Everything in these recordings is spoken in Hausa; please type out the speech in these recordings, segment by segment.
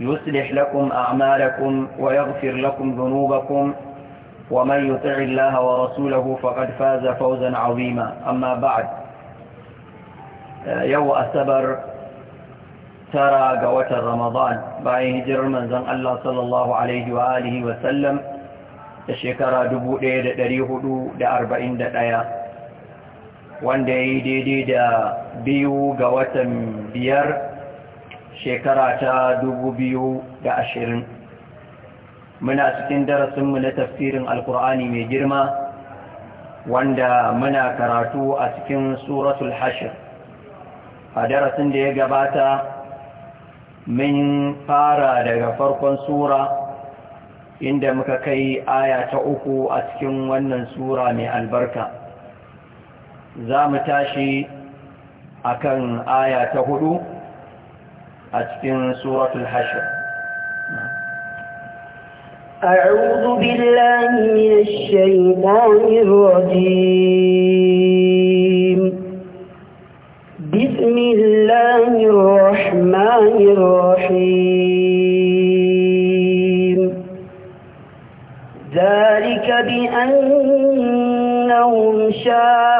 يصلح لكم أعمالكم ويغفر لكم ذنوبكم ومن يطع الله ورسوله فقد فاز فوزا عظيما أما بعد يو أسبر ترى قوة رمضان باي هجر من زن الله صلى الله عليه وآله وسلم تشكر دبو ديد دريه دو دا أربعين دا دايا وان دا يدي دا بيو قوة بيار shekara ta dubu biyu da ashirin. muna cikin darasinmu na tafsirin alkur'ani mai girma wanda muna karatu a cikin suratul hashir a darasin da ya gabata min fara daga farkon sura inda muka kai aya ta uku a cikin wannan sura mai albarka za mu tashi akan aya ta hudu a سورة الحشر أعوذ بالله من الشيطان الرجيم بسم الله الرحمن الرحيم ذلك بأنهم شاهدون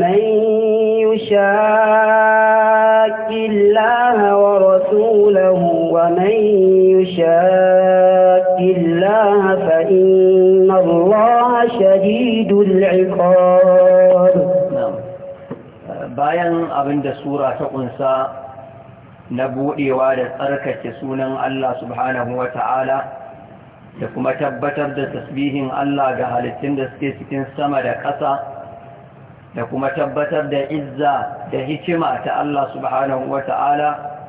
ومن يشاق الله ورسوله ومن يشاق الله فإن الله شديد العقاب bayan abin da sura ta kunsa na buɗewa da tsarkake sunan Allah subhanahu wa ta'ala da kuma tabbatar da tasbihin Allah ga halittun da suke cikin sama da ƙasa da kuma tabbatar da izza da hikima ta Allah subhanahu wa ta'ala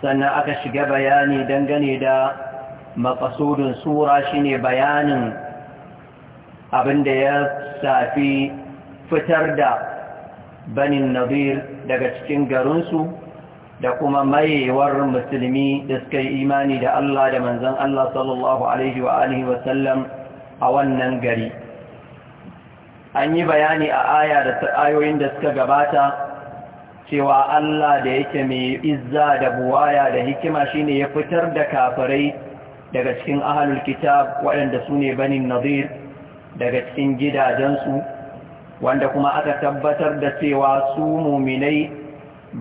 sannan aka shiga bayani dangane da maƙasudin sura shine bayanin abinda ya safi fitar da banin nadir daga cikin garinsu da kuma mayewar musulmi da suka yi imani da Allah da manzan Allah sallallahu Alaihi wa Alihi a wannan gari. an yi bayani a aya da ayoyin da suka gabata cewa Allah da yake mai izza da buwaya da hikima shine ya fitar da kafirai daga cikin ahalul kitab waɗanda su ne banin nazir daga cikin gidajensu wanda kuma aka tabbatar da cewa su muminai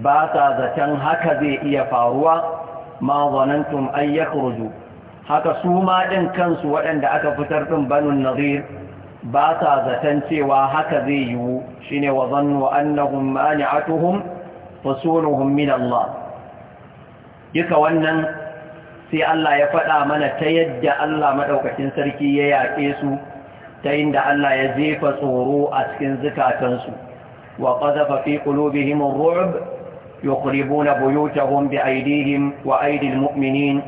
ba sa zaton haka zai iya faruwa ma zanantum an haka su ma ɗin kansu waɗanda aka fitar ɗin banin nazir ba sa zaton cewa haka zai yiwu shine wa zannu annahum mani'atuhum fasuluhum min Allah duka wannan sai Allah ya faɗa mana ta yadda Allah madaukakin sarki ya yaƙe su ta inda Allah ya jefa tsoro a cikin zukatansu wa qadhafa fi qulubihim ar-ru'b yuqribuna buyutahum aidihim, wa aydil mu'minin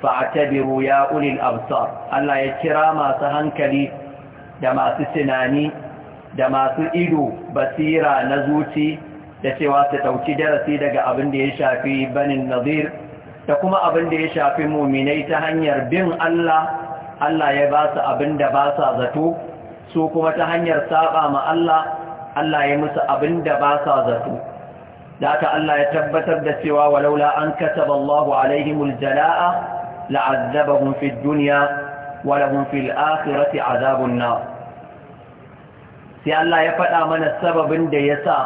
fa'tabiru ya ulil absar Allah ya kira masu hankali da masu tunani da masu ido basira na zuci da cewa su ɗauki darasi daga abin da ya shafi banin nazir da kuma abin da ya shafi muminai ta hanyar bin Allah Allah ya ba su abin da ba sa zato su kuma ta hanyar saba ma Allah Allah ya musu abin da ba sa zato da Allah ya tabbatar da cewa walaula an kasaba Allahu alaihimul jala'a la'azzabahum fid dunya wa lahum fil akhirati azabun nar sai Allah ya faɗa mana sababin da ya sa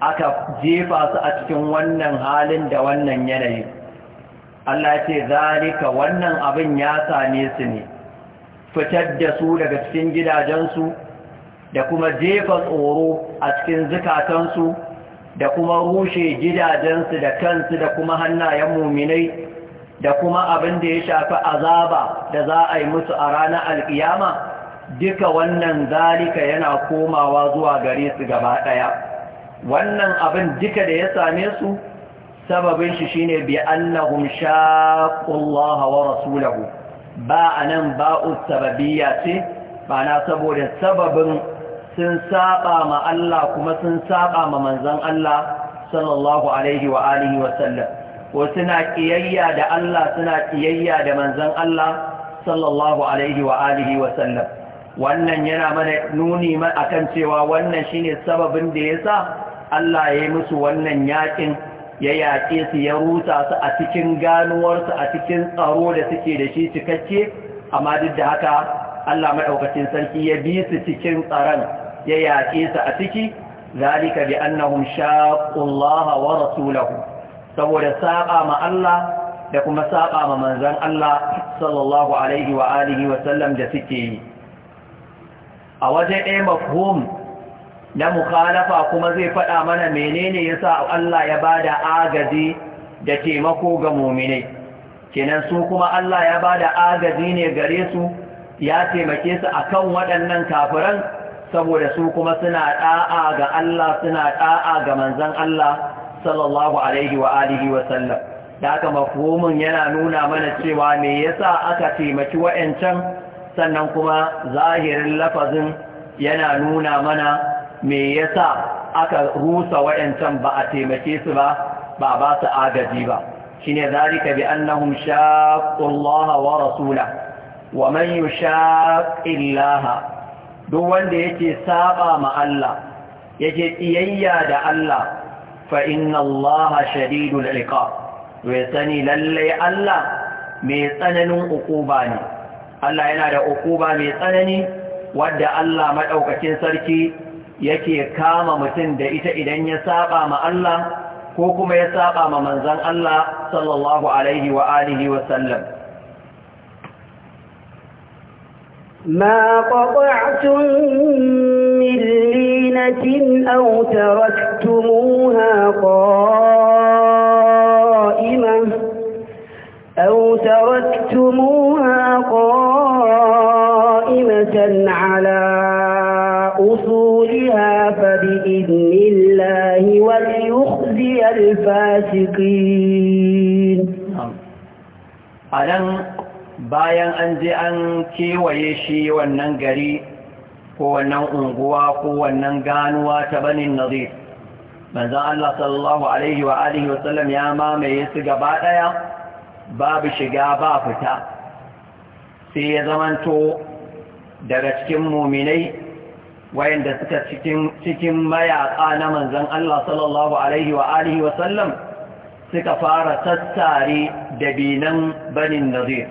aka jefa su a cikin wannan halin da wannan yanayi Allah ya ce zalika wannan abin ya same su ne fitar da su daga cikin gidajensu da kuma jefa tsoro a cikin zukatansu da kuma rushe gidajensu da kansu da kuma hannayen muminai da kuma abin da ya shafi azaba da za a yi musu a ranar alkiyama duka wannan zalika yana komawa zuwa gare su gaba ɗaya wannan abin duka da ya same su sababin shi shine bi annahum shaqullaha wa rasulahu ba anan ba'u sababiyya ce ba na saboda sababin sun saba ma Allah kuma sun saba ma manzan Allah sallallahu alaihi wa alihi ko suna kiyayya da Allah suna kiyayya da manzan Allah sallallahu alaihi wa alihi wannan yana mana nuni akan cewa wannan shine sababin da ya sa Allah ya yi musu wannan yakin ya yaƙe su ya rusa su a cikin ganuwarsu a cikin tsaro da suke da shi cikakke amma duk da haka Allah maɗaukacin sarki ya bi su cikin tsaron ya yaƙe su a ciki zalika bi annahum shaqullaha wa rasulahu saboda saba ma Allah da kuma saba ma manzon Allah sallallahu alaihi wa alihi wa sallam da suke yi a wajen ɗaya mafhum na mukhalafa kuma zai faɗa mana menene yasa Allah ya bada agaji da taimako ga mu'minai kenan su kuma Allah ya bada agaji ne gare su ya taimake su akan waɗannan kafiran saboda su kuma suna ɗa'a ga Allah suna ɗa'a ga manzon Allah sallallahu alaihi wa alihi wa sallam da haka mafhumin yana nuna mana cewa me yasa aka taimaki wa'ancan sannan kuma zahirin lafazin yana nuna mana me yasa aka rusa waɗancan ba a taimake su ba ba ba su agaji ba shine zalika bi annahum shaqqullaha wa rasulahu wa man yushaqillaha duk wanda yake saba ma Allah yake kiyayya da Allah fa inna Allaha shadidul iqab sani lallai Allah mai tsananin ukuba ne Allah yana da ukuba mai tsanani wadda Allah maɗaukacin sarki yake kama mutum da ita idan ya saba ma Allah ko kuma ya saba ma manzan Allah sallallahu alaihi wa alihi wa sallam ma qata'tum min linatin aw taraktumuha الفاسقين anan bayan an je an kewaye shi wannan gari ko wannan unguwa ko wannan ganuwa ta banin nazir manzan Allah sallallahu alaihi wa alihi wasallam ya mamaye su gaba daya babu shiga ba fita sai ya zamanto daga cikin muminai wayanda suka cikin cikin mayaka na manzon Allah sallallahu alaihi wa alihi wa sallam suka fara sassare dabinan banin nazir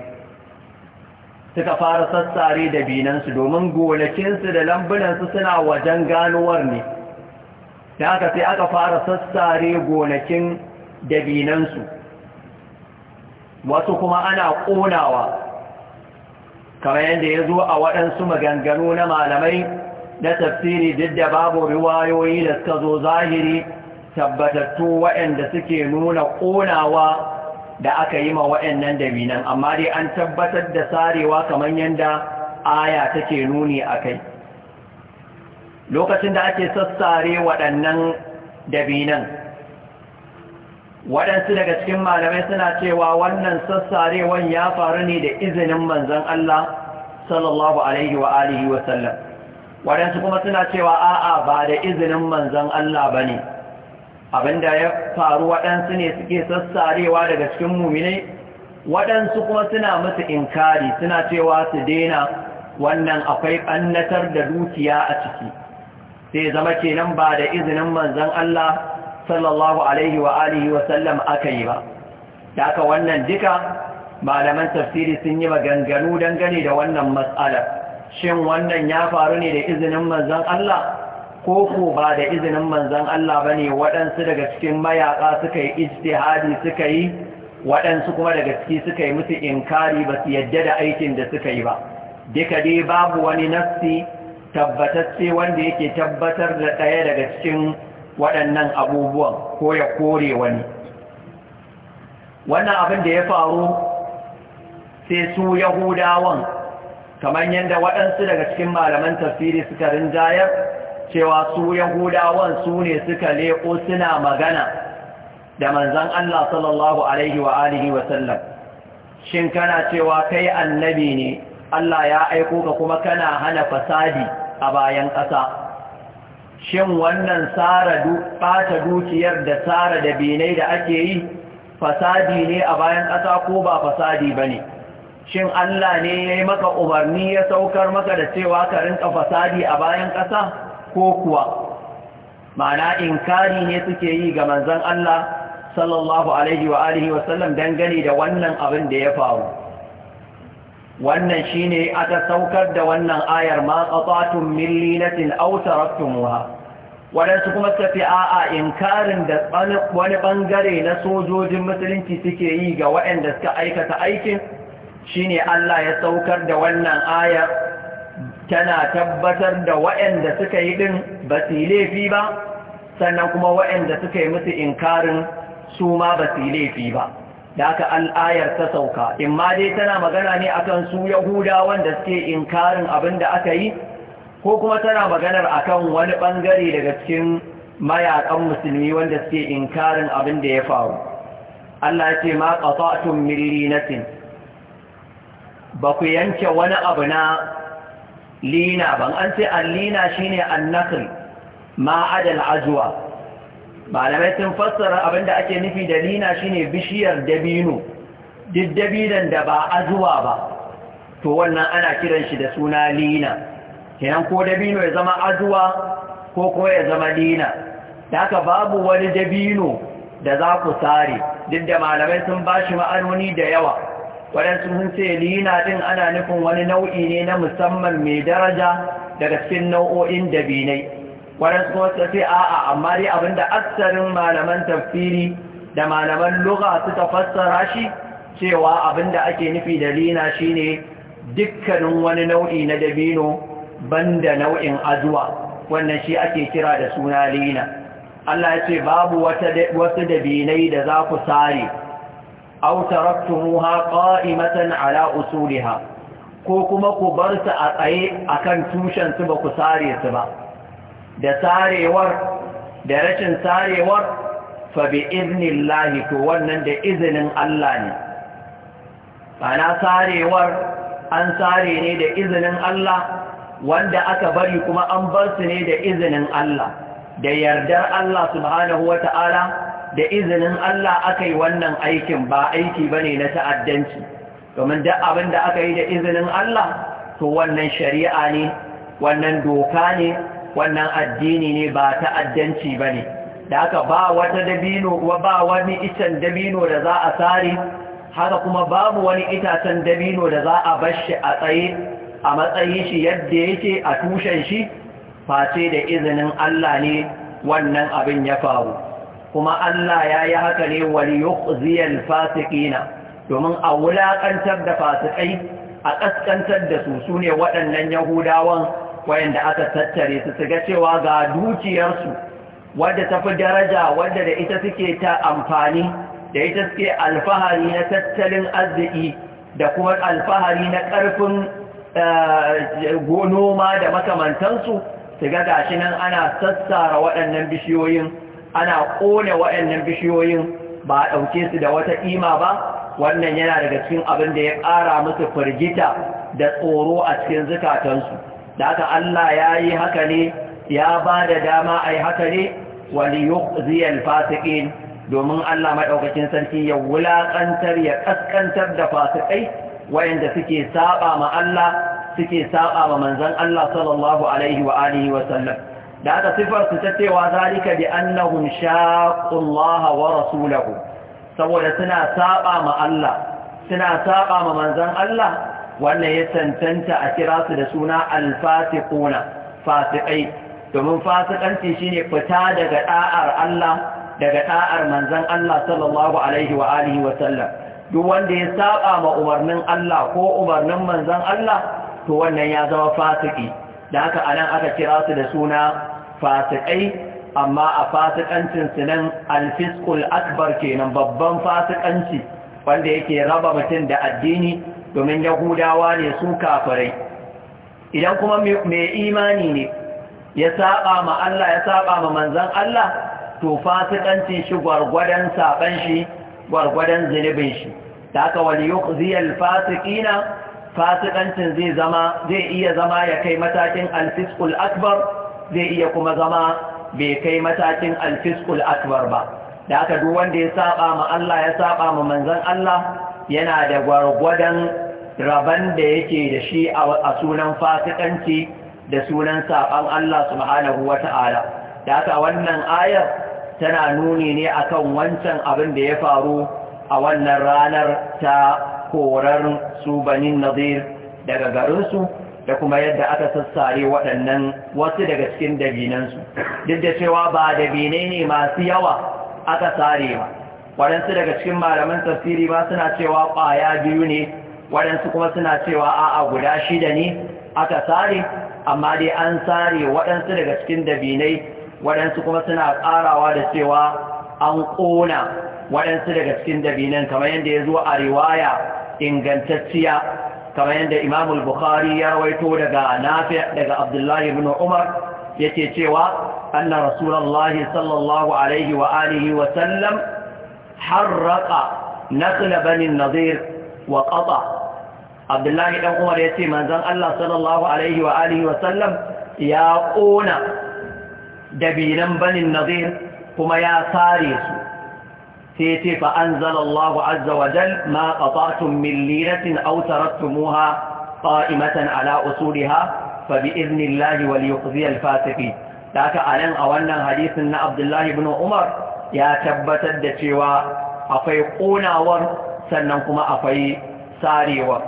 suka fara sassare dabinansu domin gonakinsu da lambunansu suna wajen ganuwar ne da aka sai aka fara sassare gonakin dabinansu wasu kuma ana ƙonawa kamar yadda ya zo a waɗansu maganganu na malamai da tafsiri duk da babu riwayoyi da suka zo zahiri tabbatattu waɗanda suke nuna ƙonawa da aka yi ma waɗannan dabinan amma dai an tabbatar da sarewa kamar yadda aya take nuni a kai lokacin da ake sassare waɗannan dabinan waɗansu daga cikin malamai suna cewa wannan sassarewan ya faru ne da izinin manzon Allah sallallahu alaihi wa alihi waɗansu kuma suna cewa a'a ba da izinin manzan Allah ba ne abinda ya faru waɗansu ne suke sassarewa daga cikin muminai waɗansu kuma suna musu inkari suna cewa su daina wannan akwai ɓannatar da dukiya a ciki sai zama kenan ba da izinin manzan Allah sallallahu alaihi wa alihi wa sallam aka yi ba da wannan duka malaman tafsiri sun yi maganganu dangane da wannan matsalar shin wannan ya faru ne da izinin manzan Allah ko ko ba da izinin manzan Allah ba ne waɗansu daga cikin mayaƙa suka yi istihadi suka yi waɗansu kuma daga ciki suka yi musu inkari ba su yadda da aikin da suka yi ba duka dai babu wani nafsi tabbatacce wanda yake tabbatar da ɗaya daga cikin waɗannan abubuwan ko ya kore wani wannan abin da ya faru sai su yahudawan kamar yadda waɗansu daga cikin malaman tafsiri suka rinjayar cewa su yahudawan su ne suka leƙo suna magana da manzan Allah sallallahu alaihi wa alihi wa sallam shin kana cewa kai annabi ne Allah ya aiko ka kuma kana hana fasadi a bayan ƙasa shin wannan tsara ɓata dukiyar da tsara da binai da ake yi fasadi ne a bayan ƙasa ko ba fasadi ba ne shin Allah ne ya yi maka umarni ya saukar maka da cewa ka rinka fasadi a bayan ƙasa ko kuwa ma'ana inkari ne suke yi ga manzon Allah sallallahu alaihi wa alihi dangane da wannan abin da ya faru wannan shine aka saukar da wannan ayar ma qatatum min linatin aw taraktumuha wadansu kuma suka fi a'a inkarin da wani bangare na sojojin musulunci suke yi ga waɗanda suka aikata aikin shine Allah ya saukar da wannan aya tana tabbatar da waɗanda suka yi din ba su laifi ba sannan kuma waɗanda suka yi musu inkarin su ma ba su laifi ba da aka al'ayar ta sauka in ma dai tana magana ne akan su yahuda wanda suke inkarin abin da aka yi ko kuma tana maganar akan wani bangare daga cikin mayaƙan musulmi wanda suke inkarin abin da ya faru Allah ya ce ma qata'tum min linatin ba ku yanke wani abu na lina ban an ce allina shine annakhl ma adal azuwa. malamai sun fassara abinda ake nufi da lina shine bishiyar dabino duk da ba azuwa ba to wannan ana kiran shi da suna lina kenan ko dabino ya zama azuwa ko ko ya zama lina da haka babu wani dabino da za ku sare duk da malamai sun ba shi ma'anoni da yawa waɗansu sun ce lina ɗin ana nufin wani nau'i ne na musamman mai daraja daga cikin nau'o'in dabinai waɗansu kuma suka ce a'a amma dai abinda aksarin malaman tafsiri da malaman lugha suka fassara shi cewa abinda ake nufi da lina shine dukkanin wani nau'i na dabino banda nau'in azuwa wannan shi ake kira da suna lina Allah ya ce babu wasu dabinai da za ku sare aw taraktumuha qa'imatan ala usuliha ko kuma ku barsu a tsaye akan tushen su ba ku sare su ba da sarewar da rashin sarewar fa bi iznillahi to wannan da izinin Allah ne ana sarewar an sare ne da izinin Allah wanda aka bari kuma an barsu su ne da izinin Allah da yardar Allah subhanahu wata'ala da izinin Allah aka yi wannan aikin ba aiki ba ne na ta'addanci domin da abin da aka yi da izinin Allah to wannan shari'a ne wannan doka ne wannan addini ne ba ta'addanci ba ne da aka ba wata dabino ba wani itan dabino da za a sare haka kuma babu wani itacen dabino da za a bashi a tsaye a matsayin shi yadda yake a tushen shi face da izinin Allah ne wannan abin ya faru kuma Allah ya yi haka ne wani yukziyar fasikina domin a wulaƙantar da fasikai a ƙasƙantar da su su ne waɗannan yahudawan wayanda aka tattare su su ga cewa ga dukiyarsu wadda ta fi daraja wadda da ita suke ta amfani da ita suke alfahari na tattalin arziki da kuma alfahari na ƙarfin gonoma eh, da makamantansu su ga gashi nan ana sassara waɗannan bishiyoyin ana kone waɗannan bishiyoyin ba a ɗauke su da wata ƙima ba wannan yana daga cikin abin da ya ƙara musu firgita da tsoro a cikin zukatansu da aka Allah ya yi haka ne ya ba da dama a yi haka ne wani yuziyar fasikin domin Allah maɗaukacin sarki ya wulaƙantar ya ƙasƙantar da fasikai wayanda suke saba ma Allah suke saba ma manzon Allah sallallahu alaihi wa alihi wa sallam da haka sifar su ta cewa zalika bi annahum shaqu wa rasulahu saboda suna saba ma Allah suna saba ma manzon Allah wannan ya tantanta a kira su da suna al-fasiquna fasiqai domin fasikanci shine fita daga da'ar Allah daga da'ar manzon Allah sallallahu alaihi wa alihi wa sallam duk wanda ya saba ma umarnin Allah ko umarnin manzon Allah to wannan ya zama fasiki da haka anan aka kira su da suna fasikai amma a fasikancin su nan alfiskul akbar kenan babban fasikanci wanda yake raba mutum da addini domin yahudawa ne su kafirai idan kuma mai imani ne ya saba ma Allah ya saba ma manzon Allah to fasikancin shi gwargwadon saban shi gwargwadon zunubin shi da aka wani yukziyar fasikina fasikancin zai zama zai iya zama ya kai matakin alfiskul akbar zai iya kuma zama bai kai matakin alfiskul akbar ba da aka duk wanda ya saba ma Allah ya saba ma manzon Allah yana da gwargwadon raban da yake da shi a sunan fasikanci da sunan saban Allah subhanahu wata'ala da aka wannan ayar tana nuni ne akan wancan abin da ya faru a wannan ranar ta korar su banin nazir daga garinsu da kuma yadda aka sassare waɗannan wasu daga cikin dabinansu duk da cewa ba dabinai ne masu yawa aka sare ba waɗansu daga cikin malaman tafsiri ba suna cewa ƙwaya biyu ne waɗansu kuma suna cewa a'a guda shida ne aka sare amma dai an sare waɗansu daga cikin dabinai waɗansu kuma suna ƙarawa da cewa an ƙona waɗansu daga cikin dabinan kamar yadda ya zo a riwaya ingantacciya kamar yadda Imam al-Bukhari ya rawaito daga Nafi' daga Abdullah ibn Umar yake cewa anna Rasulullahi sallallahu alaihi wa alihi wa sallam harraqa naqla bani nadir wa qata Abdullah ibn Umar yace manzon Allah sallallahu alaihi wa alihi wa sallam ya kona dabinan bani nadir kuma ya sare su sai ce fa anzalallahu azza wa ma qata'tum min liratin aw taraktumuha qa'imatan ala Usuriha fa bi idnillahi wal yuqzi al fasiqin daga anan a wannan hadisin na Abdullahi ibn Umar ya tabbatar da cewa akwai ƙunawar sannan kuma akwai sarewar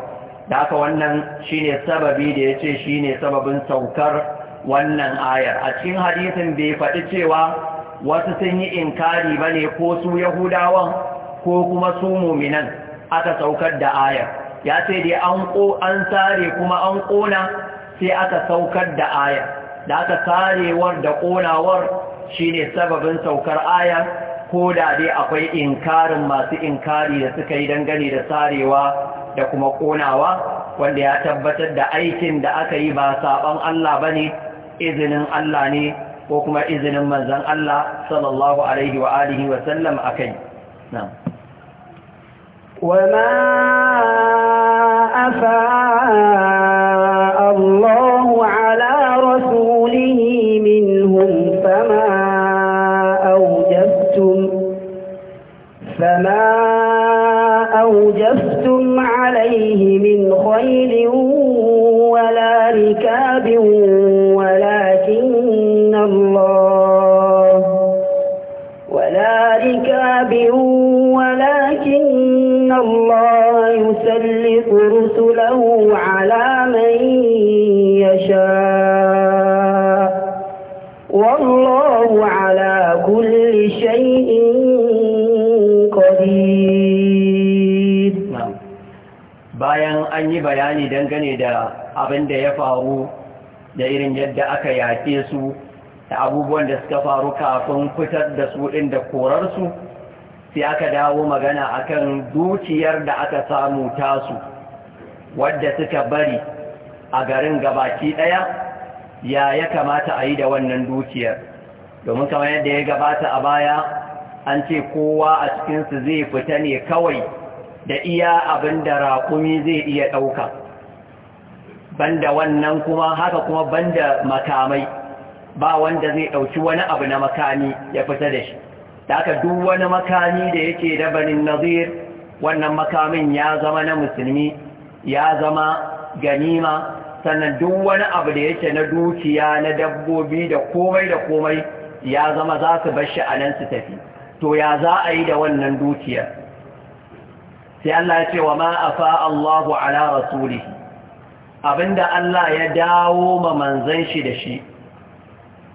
da aka wannan shine sababi da ya ce shine sababin saukar wannan ayar a cikin hadisin bai faɗi cewa wasu sun yi inkari ba ne ko su yahudawan ko kuma su muminan aka saukar da ayar ya ce dai an ko an sare kuma an ƙona sai aka saukar da ayar da aka sarewar da ƙonawar shine sababin saukar aya ko da dai akwai inkarin masu inkari da suka yi dangane da sarewa da kuma ƙonawa wanda ya tabbatar da aikin da aka yi ba saɓon Allah ba ne izinin Allah ne ko kuma izinin manzan Allah sallallahu alaihi wa alihi wa sallam akai na'am وما أفاء الله على رسوله منهم فما أوجبتم فما an yi bayani dangane da abin da ya faru da irin yadda aka yake su da abubuwan da suka faru kafin fitar da su ɗin da korarsu sai aka dawo magana akan dukiyar da aka samu tasu wadda suka bari a garin gabaki ɗaya ya ya kamata a yi da wannan dukiyar domin kamar yadda ya gabata a baya an ce kowa a cikinsu zai fita ne kawai da iya abin da raƙumi zai iya ɗauka banda wannan kuma haka kuma banda makamai ba wanda zai ɗauki wani abu na makami ya fita da shi da aka duk wani makami da yake da banin nazir wannan makamin ya zama na musulmi ya zama ganima sannan duk wani abu da yake na dukiya na dabbobi da komai da komai ya zama za su bar shi a su tafi to ya za a yi da wannan dukiyar sai Allah ya ce wa ma afa Allahu ala rasulihi abinda Allah ya dawo ma manzon shi da shi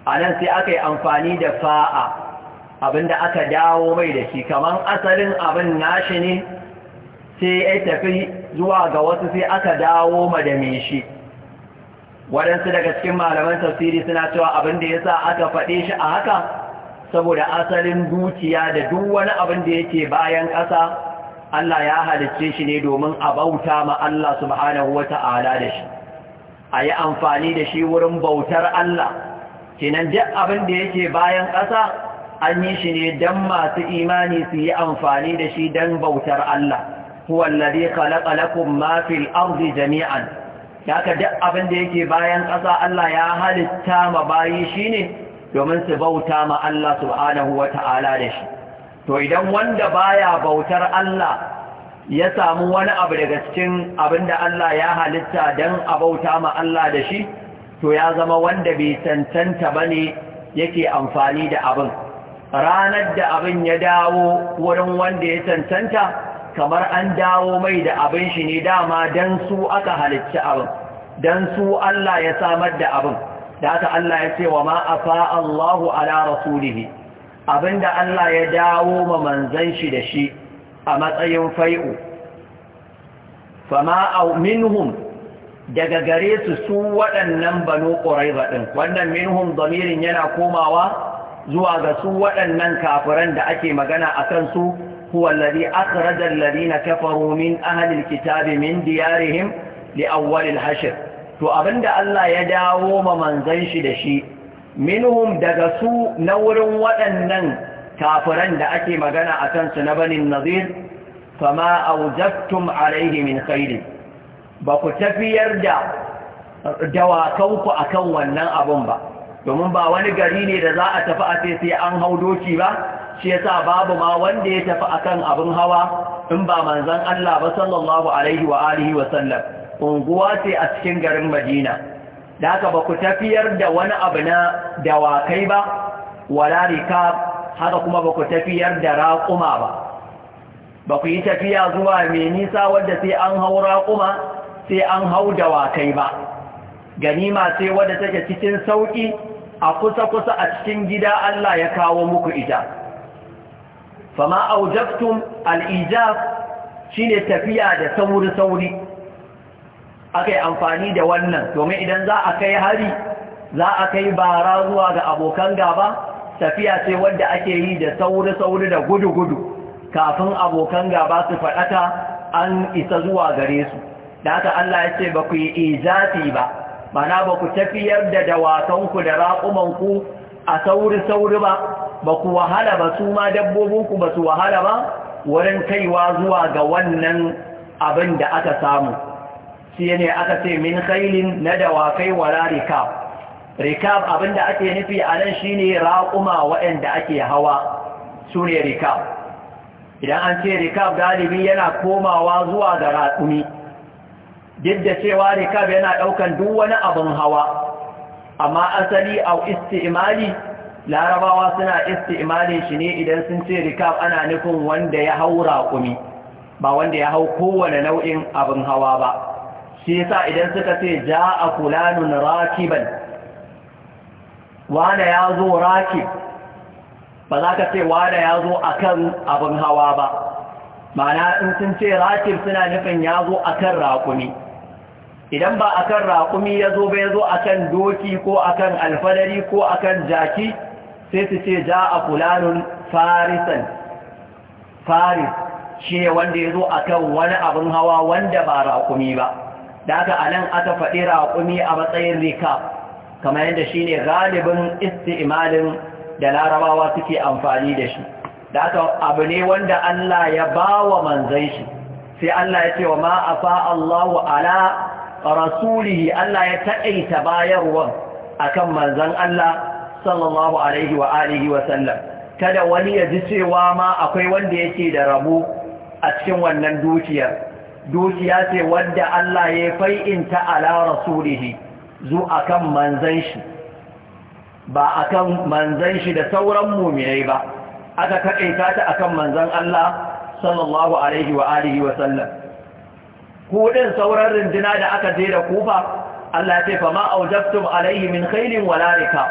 anan sai aka yi amfani da fa'a abinda aka dawo mai da shi kaman asalin abin nashi ne sai ya tafi zuwa ga wasu sai aka dawo ma da me shi waɗansu daga cikin malaman tafsiri suna cewa abinda da ya sa aka faɗe shi a haka saboda asalin dukiya da duk wani abin da yake bayan ƙasa Allah ya halicce shi ne domin a bauta ma Allah subhanahu ta'ala da shi a yi amfani da shi wurin bautar Allah kinan duk abin da yake bayan ƙasa an yi shi ne don masu imani su yi amfani da shi don bautar Allah huwa alladhi khalaqa lakum ma fil ardi jami'an haka duk abin da yake bayan ƙasa Allah ya halitta ma bayi shine domin su bauta ma Allah subhanahu ta'ala da shi to idan wanda baya bautar Allah ya samu wani abu daga cikin abinda Allah ya halitta don a bauta ma Allah da shi to ya zama wanda bai cancanta ne yake amfani da abin ranar da abin ya dawo wurin wanda ya cancanta kamar an dawo mai da abin shi ne dama don su aka halitta abin don su Allah ya samar da abin da haka Allah ya ce wa ma afa Allahu ala rasulihi abinda Allah ya dawo ma manzan shi da shi a matsayin fai'u fama a minhum daga gare su su waɗannan banu ƙuraiba ɗin wannan minhum zamirin yana komawa zuwa ga su waɗannan kafiran da ake magana a kan huwa lari akhrajar lari na kafaru min ahalil kitabi min diyarihim li awwalil hashir to abinda Allah ya dawo ma manzan shi da shi minhum daga su na wurin waɗannan kafiran da ake magana a kansu na banin nazir fama aujattum alaihi min khairin ba ku tafiyar da dawakanku akan wannan abun ba domin ba wani gari ne da za a tafi a sai an hau doki ba shi yasa babu ma wanda ya tafi akan abin hawa in ba manzon Allah ba sallallahu alaihi wa alihi wa sallam unguwa ce a cikin garin Madina da haka ba ku tafiyar da wani abu na dawakai ba wala rikab haka kuma ba ku tafiyar da raƙuma ba ba ku yi tafiya zuwa mai nisa wadda sai an hau raƙuma sai an hau dawakai ba ganima sai wadda take cikin sauƙi a kusa-kusa a cikin gida Allah ya kawo muku ita fama aujabtum al-ijab shine tafiya da sauri-sauri aka yi amfani da wannan domin idan za a kai hari za a kai bara zuwa ga abokan gaba tafiya ce wadda ake yi da sauri-sauri da gudu-gudu kafin abokan gaba su faɗaka an isa zuwa gare su da haka Allah ya ce ba ku yi ijafi ba mana ba ku tafiyar da dawakanku da raƙumanku a sauri-sauri ba ba ku wahala ba su ma dabbobinku ba su wahala ba wurin kaiwa zuwa ga wannan abin da aka samu shi ne aka ce min khailin na dawakai wala rikab rikab abinda ake nufi a nan shine raƙuma waɗanda ake hawa sune rikab idan an ce rikab galibi yana komawa zuwa ga raƙumi duk cewa rikab yana ɗaukan duk wani abin hawa amma asali au istimali, larabawa suna isti'imali shi ne idan sun ce rikab ana nufin wanda ya hau raƙumi ba wanda ya hau kowane nau'in abin hawa ba shi yasa idan suka ce ja'a fulanun rakiban wane ya zo rakib ba za ka ce wane ya zo akan abin hawa ba mana in sun ce rakib suna nufin ya zo akan raƙumi idan ba akan raƙumi ya zo ba ya zo akan doki ko akan alfadari ko akan jaki sai su ce ja'a fulanun farisan faris shi ne wanda ya zo akan wani abin hawa wanda ba raƙumi ba da aka anan aka faɗi raƙumi a matsayin rika kamar yadda shi ne galibin isti'imalin da larabawa suke amfani da shi da aka abu ne wanda Allah ya ba wa shi sai Allah ya ce wa ma'afa Allahu ala rasulihi Allah ya taƙaita a akan manzan Allah sallallahu alaihi wa alihi wa sallam kada wani ya ji cewa ma akwai wanda yake da rabu a cikin wannan dukiyar dukiya ce wadda Allah ya fai'inta ala rasulihi zu kan manzan shi ba kan manzan shi da sauran muminai ba aka kaɗaita ta akan manzan Allah sallallahu alaihi wa alihi wa kudin sauran rinduna da aka je da kufa Allah ce fa ma alaihi min khailin wala rika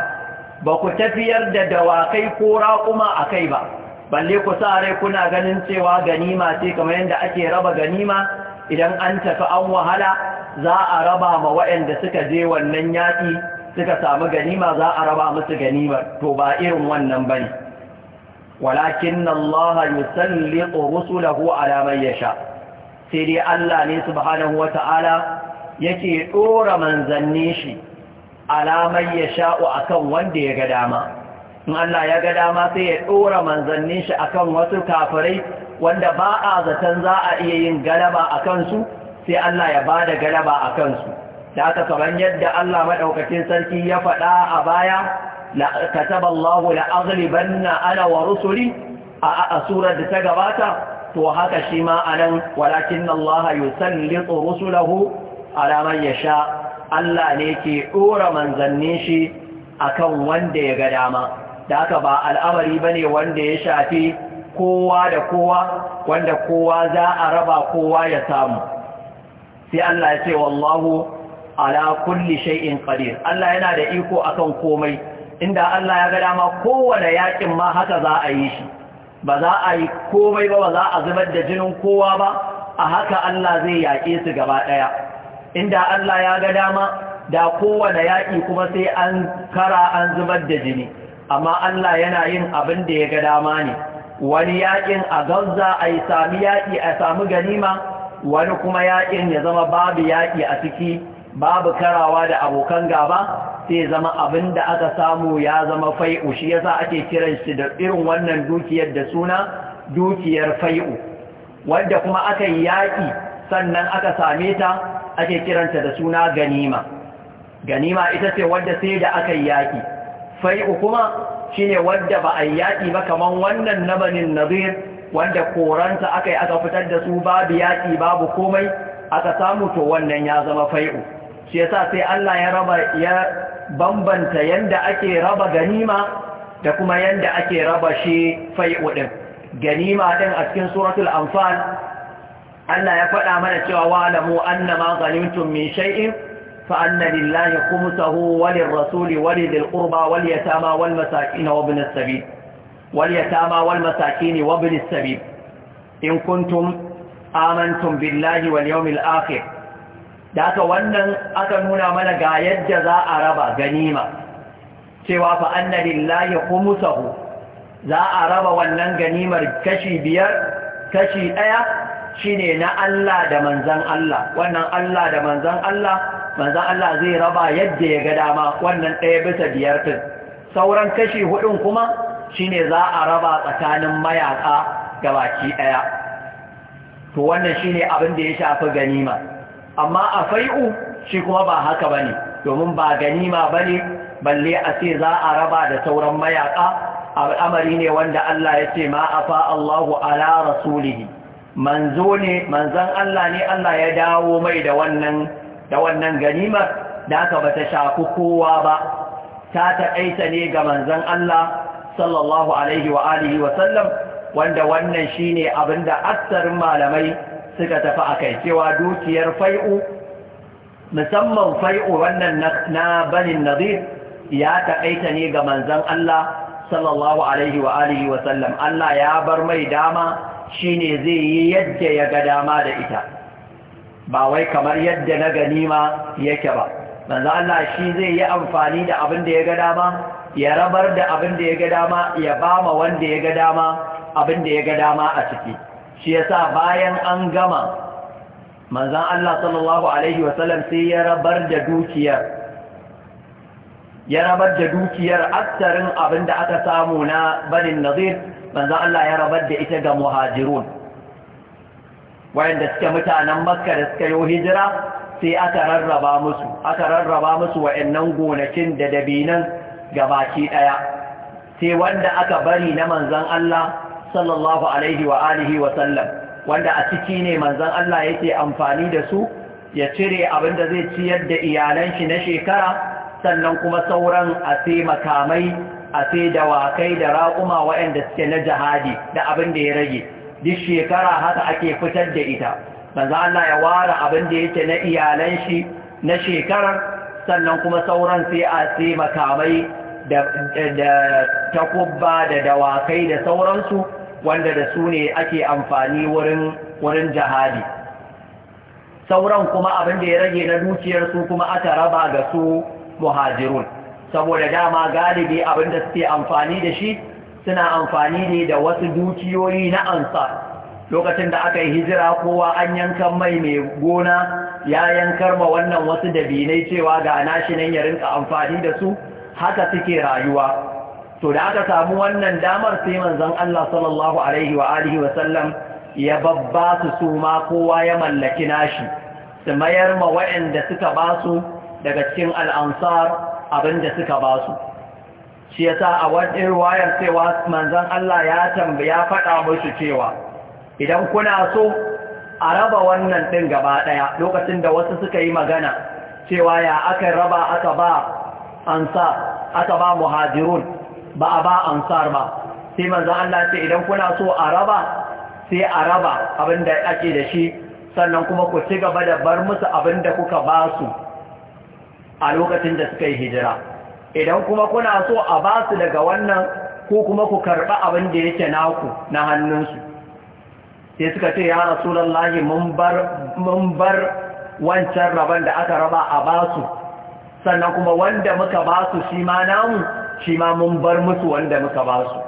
ba ku tafiyar da dawakai ko raƙuma a kai ba balle ku sa rai kuna ganin cewa ganima ce kamar yadda ake raba ganima idan an tafi an wahala za a raba ma waɗanda suka je wannan yaƙi suka samu ganima za a raba musu ganimar to ba irin wannan bane walakin Allah yusalliqu rusulahu ala man yasha sai dai Allah ne subhanahu wata'ala yake dora manzanni shi alamai ya sha'u a kan wanda ya ga dama in Allah ya ga dama sai ya ɗora manzannin shi a kan wasu kafirai wanda ba a zaton za a iya yin galaba a kansu sai Allah ya ba da galaba a kansu da aka kamar yadda Allah maɗaukacin sarki ya faɗa a baya kataba Allah la aghlibanna ana wa rusuli a surar da ta gabata to haka shi ma anan walakin Allah yusallitu rusulahu ala ya sha Allah ne ke ɗora manzannin shi akan wanda ya ga dama da haka ba al'amari bane wanda ya shafi kowa da kowa wanda kowa za a raba kowa ya samu sai Allah ya ce wallahu ala kulli shay'in qadir Allah yana da iko akan komai inda Allah ya ga dama kowane yakin ma haka za a yi shi ba za a yi komai ba ba za a zubar da jinin kowa ba a haka Allah zai yaƙe su gaba ɗaya inda Allah ya ga dama da kowane yaƙi kuma sai an kara an zubar da jini amma Allah yana yin abin da ya ga dama ne wani yaƙin a gauza a yi sami yaƙi a sami ganima wani kuma yaƙin ya zama babu yaƙi a ciki babu karawa da abokan gaba sai zama abin da aka samu ya zama fai'u shi ya yasa ake kiran shi da irin wannan dukiyar da suna dukiyar fai'u wadda kuma aka yi yaƙi sannan aka same ta ake kiranta da suna ganima ganima ita ce wadda sai da aka yi yaƙi fai'u kuma shine wadda ba a yaƙi ba kamar wannan na banin nazir wanda koranta aka yi aka fitar da su babu yaƙi babu komai aka samu to wannan ya zama fai'u shi yasa sai Allah ya raba ya bambanta yanda ake raba ganima da kuma yanda ake raba shi fai'u din ganima din a cikin suratul anfal Allah ya faɗa mana cewa wa'lamu annama ghanimtum min shay'in فأن لله خمسه وللرسول ولذي القربى واليتامى والمساكين وابن السبيل واليتامى والمساكين وابن السبيل إن كنتم آمنتم بالله واليوم الآخر ذاك wannan aka nuna mana ga yadda za a raba ganima cewa fa anna lillahi khumsuhu za a raba wannan ganimar kashi biyar kashi ɗaya shine na Allah da manzon Allah wannan Allah da manzan Allah manzan Allah zai raba yadda ya ga dama wannan ɗaya bisa biyar tun. sauran kashi hudun kuma shi ne za a raba tsakanin mayaka baki ɗaya to wannan shine abin da ya shafi ganima amma a fai'u shi kuma ba haka ba ne. domin ba ganima ba ne, balle a ce za a raba da sauran mayaka al'amari ne wanda Allah ya ce ma Allahu ala rasulihi manzo ne manzan Allah ne Allah ya dawo mai da wannan da wannan ganimar da aka ba ta shafi kowa ba ta taƙaita ne ga manzon Allah sallallahu alaihi wa alihi wa sallam wanda wannan shine abinda aksarin malamai suka tafi a kai cewa dukiyar fai'u musamman fai'u wannan na banin Nazir ya taƙaita ne ga manzon Allah sallallahu alaihi wa alihi wa sallam Allah ya bar mai dama shine zai yi yadda ya ga dama da ita ba wai kamar yadda na gani ma yake ba manzo Allah shi zai yi amfani da abin da ya ga dama ya rabar da abin da ya ga dama ya bama wanda ya ga dama abin da ya ga dama a ciki shi yasa bayan an gama manzo Allah sallallahu alaihi wasallam sai ya rabar da dukiyar ya rabar da dukiyar aksarin abin da aka samu na banin nazir manzo Allah ya rabar da ita ga muhajirun wayanda suke mutanen makka da suka yi hijira sai aka rarraba musu aka rarraba musu wayannan gonakin da dabinan gabaki daya sai wanda aka bari na manzon Allah sallallahu alaihi wa alihi wa sallam wanda a ciki ne manzon Allah yake amfani da su ya cire abin da zai ciyar da iyalan shi na shekara sannan kuma sauran a sai makamai a sai dawakai da raƙuma waɗanda suke na jihadi da abin da ya rage duk shekara haka ake fitar da ita manzo na ya ware abin da yake na iyalan shi na shekarar sannan kuma sauran sai a sai makamai da takubba da dawakai da sauransu wanda da su ne ake amfani wurin jihadi sauran kuma abin da ya rage na dukiyar kuma aka raba ga su muhajirun saboda dama galibi abin da suke amfani da shi suna amfani ne da wasu dukiyoyi na ansar lokacin da aka yi hijira kowa an yankan mai mai gona ya yankar ma wannan wasu dabinai cewa ga nashi nan ya rinka amfani da su haka suke rayuwa to da aka samu wannan damar sai manzon Allah sallallahu alaihi wa alihi wa sallam ya babba su su ma kowa ya mallaki nashi su mayar ma waɗanda suka basu daga cikin al'ansar abinda suka basu. shi yasa a wani ruwayar cewa manzan Allah ya tambaya faɗa musu cewa idan kuna so a raba wannan ɗin gaba ɗaya lokacin da wasu suka yi magana cewa ya aka raba aka ba ansa aka ba muhajirun ba a ba ansar ba sai manzan Allah ce idan kuna so a raba sai a raba abinda ake da shi sannan kuma ku ci gaba da bar musu abinda kuka ba su a lokacin da suka yi hijira idan kuma kuna so a ba su daga wannan ko kuma ku karɓi abin da yake naku na hannunsu sai suka ce ya lahi mun bar wancan rabon da aka raba a ba su sannan kuma wanda muka ba su shi ma namu shi ma mun bar musu wanda muka ba su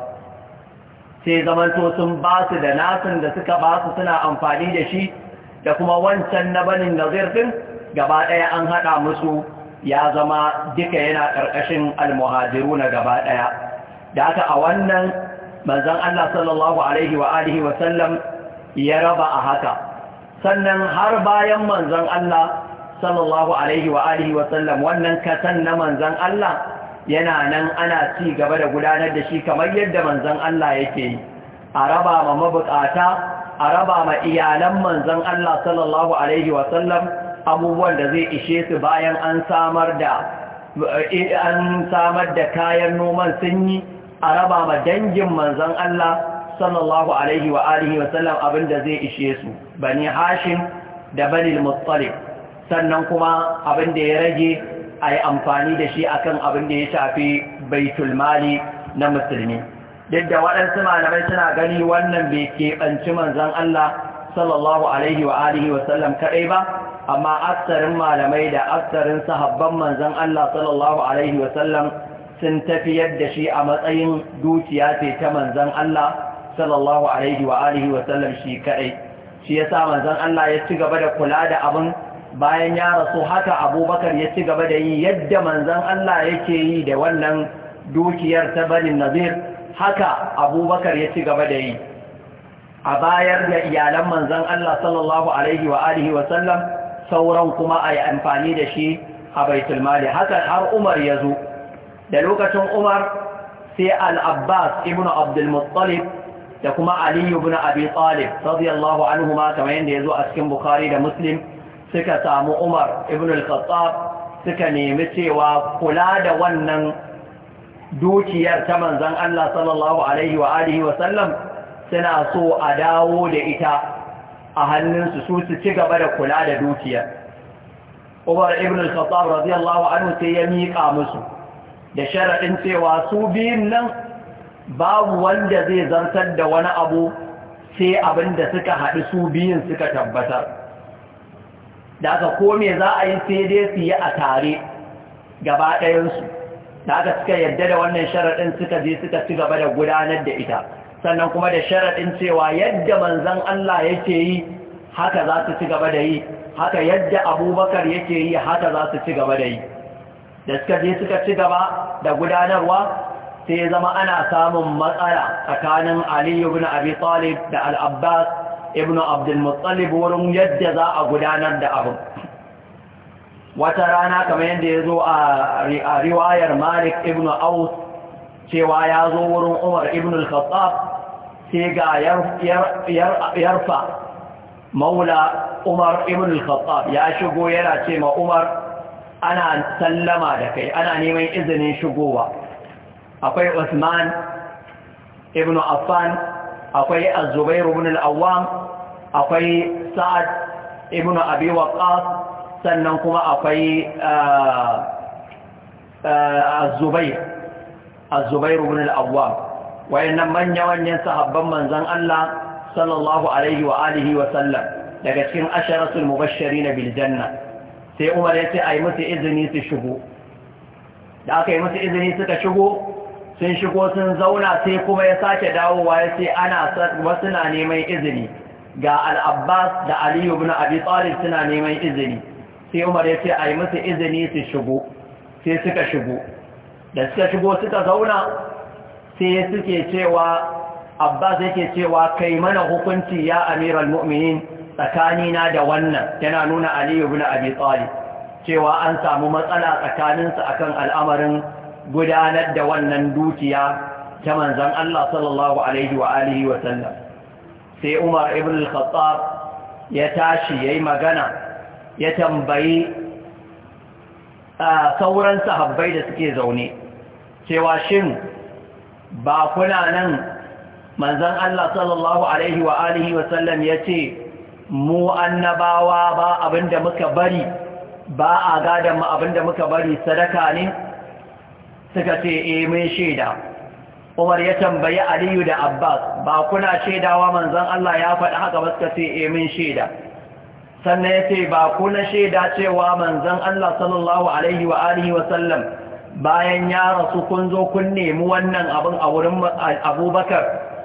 sai zamanto sun ba su da nasin da suka ba su suna amfani da shi da kuma wancan na banin nazir gaba ɗaya an haɗa musu ya zama duka yana ƙarƙashin almuhajiru na gaba ɗaya da aka a wannan manzan Allah sallallahu alaihi wa alihi wa ya raba a haka sannan har bayan manzan Allah sallallahu alaihi wa alihi wa wannan kasan na manzan Allah yana nan ana ci gaba da gudanar da shi kamar yadda manzan Allah yake yi a raba ma mabukata a raba ma iyalan manzan Allah sallallahu alaihi wa abubuwan da zai ishe su bayan an samar da an samar da kayan noman sun yi a raba ma dangin manzan Allah sallallahu alaihi wa alihi wa sallam da zai ishe su bani hashim da bani muttalib sannan kuma abinda ya rage a yi amfani da shi akan da ya shafi baitul mali na musulmi duk da waɗansu malamai suna gani wannan bai keɓanci manzan Allah sallallahu alaihi wa alihi wa sallam ba amma aksarin malamai da aksarin sahabban manzan Allah sallallahu alaihi wa sallam sun tafi yadda shi a matsayin dukiya ce ta manzan Allah sallallahu alaihi wa alihi wa sallam shi kaɗai shi sa manzon Allah ya ci gaba da kula da abin bayan ya rasu haka abubakar ya ci gaba da yi yadda manzon Allah yake yi da wannan dukiyar ta bani nazir haka abubakar ya ci gaba da yi a bayar da iyalan manzan Allah sallallahu alaihi wa alihi sauran kuma a yi amfani da shi a baitulmali mali har Umar ya zo da lokacin Umar sai al-Abbas ibn Abdul da kuma Ali ibn Abi Talib radiyallahu anhuma kamar yadda ya zo a cikin Bukhari da Muslim suka samu Umar ibn al-Khattab suka nemi cewa kula da wannan dukiyar ta manzan Allah sallallahu alaihi wa alihi suna so a dawo da ita a hannunsu su su ci gaba da kula da dukiyar Umar ibn al-Khattab radiyallahu anhu sai ya miƙa musu da sharaɗin cewa su biyun nan babu wanda zai zartar da wani abu sai abin da suka haɗu su biyun suka tabbatar da aka kome za a yi sai dai su yi a tare gaba ɗayansu da aka suka yarda da wannan sharaɗin suka je suka ci gaba da gudanar da ita sannan kuma da sharaɗin cewa yadda manzan Allah yake yi haka za su ci gaba da yi haka yadda abubakar yake yi haka za su ci gaba da yi da suka je suka ci gaba da gudanarwa sai zama ana samun matsala tsakanin aliyu Ibn abi talib da abbas ibn abdulmutsalib wurin yadda za a gudanar da abin wata rana kamar yadda ya zo a riwayar malik ibn aus cewa ya zo wurin umar ibn al-khattab sai ga yarfa maula umar ibn al-khattab ya shigo yana ce ma umar ana sallama da kai ana neman izinin shigowa akwai usman ibn affan akwai az-zubair ibn al-awwam akwai sa'ad ibn abi sannan kuma akwai uh, uh, az-zubair az-zubair ibn al-awwam wayannan manya-manyan sahabban manzan Allah sallallahu alaihi wa alihi wa sallam daga cikin asharatul mubashirin na Biljanna? sai Umar ya ce ai musu izini su shigo da aka yi musu izini suka shigo sun shigo sun zauna sai kuma ya sake dawowa ya ce ana wasu na neman izini ga al'abbas da aliyu bin abi talib suna neman izini sai umar ya ce a yi musu izini su shigo sai suka shigo da suka shigo suka zauna sai suke cewa abbas yake cewa kai mana hukunci ya amiral mu'minin tsakanina da wannan yana nuna aliyu bin abi talib cewa an samu matsala tsakaninsa akan al'amarin gudanar da wannan dukiya ta manzon Allah sallallahu alaihi wa alihi wa sallam sai Umar ibn al-Khattab ya tashi yayi magana ya tambayi ah, sauran sahabbai da suke zaune cewa shin ba kuna nan manzan Allah sallallahu alaihi wa alihi wa sallam yace mu annabawa ba abinda muka bari ba a gadan mu abinda muka bari sadaka ne suka ce eh mun sheda Umar ya tambayi Aliyu da Abbas ba kuna shedawa manzan Allah ya faɗi haka ba suka ce eh mun sheda sannan yace ba kuna sheda cewa manzan Allah sallallahu alaihi wa alihi wa sallam bayan ya rasu kun zo kun nemi wannan abin a wurin abubakar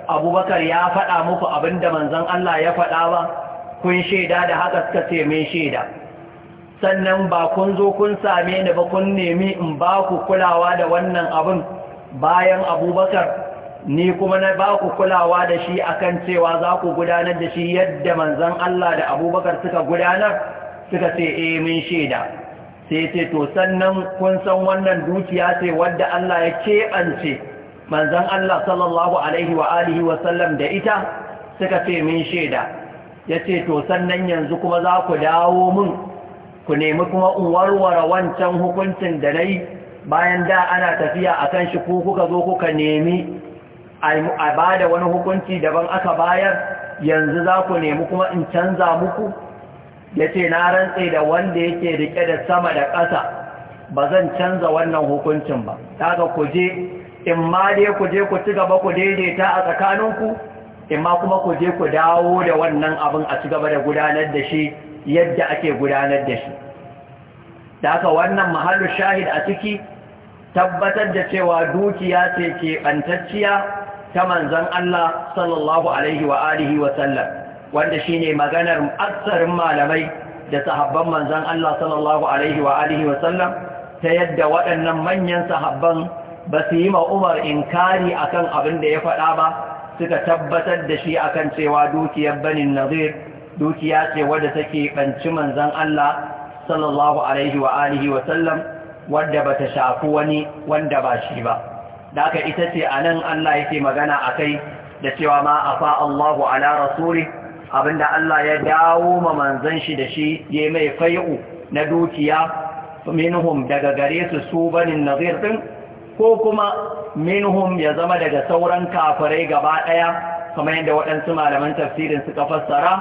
abubakar ya faɗa muku abin da manzan Allah ya faɗa ba kun shaida da haka suka ce mai shaida sannan ba kun zo kun same ni ba kun nemi in ba ku kulawa da wannan abin bayan abubakar ni kuma na ba ku kulawa da shi akan cewa za ku gudanar da shi yadda manzan Allah da abubakar suka gudanar suka ce eh shaida sai ce to sannan kun san wannan dukiya ce wadda Allah ya keɓance manzon Allah sallallahu alaihi wa alihi wa da ita suka ce min shaida ce to sannan yanzu kuma za ku dawo mun ku nemi kuma in warware wancan hukuncin da nayi bayan da ana tafiya a kan shi ko kuka zo kuka nemi a bada wani hukunci daban aka bayar yanzu za ku nemi kuma in canza muku ya ce na rantse da wanda yake rike da sama da ƙasa ba zan canza wannan hukuncin ba daga ku je in ma dai ku je ku ci gaba ku daidaita a tsakaninku in ma kuma ku je ku dawo da wannan abin a ci gaba da gudanar da shi yadda ake gudanar da shi daga wannan mahallu shahid a ciki tabbatar da cewa dukiya ce ke ɓantacciya ta manzan Allah sallallahu alaihi wa alihi wa sallam wanda shine maganar aksarin malamai da sahabban manzon Allah sallallahu alaihi wa alihi ta yadda waɗannan manyan sahabban ba su yi ma Umar inkari akan abin da ya faɗa ba suka tabbatar da shi akan cewa dukiyar banin nazir dukiya ce wadda take banci manzon Allah sallallahu alaihi wa alihi bata shafi wani wanda ba shi ba da aka ita ce anan Allah yake magana akai da cewa ma afa Allahu ala rasulih abinda Allah ya dawo ma manzan shi da shi ya mai fai'u na dukiya minhum daga gare su su banin nazir ko kuma minhum ya zama daga sauran kafirai gaba ɗaya. kamar yadda waɗansu malaman tafsirin suka fassara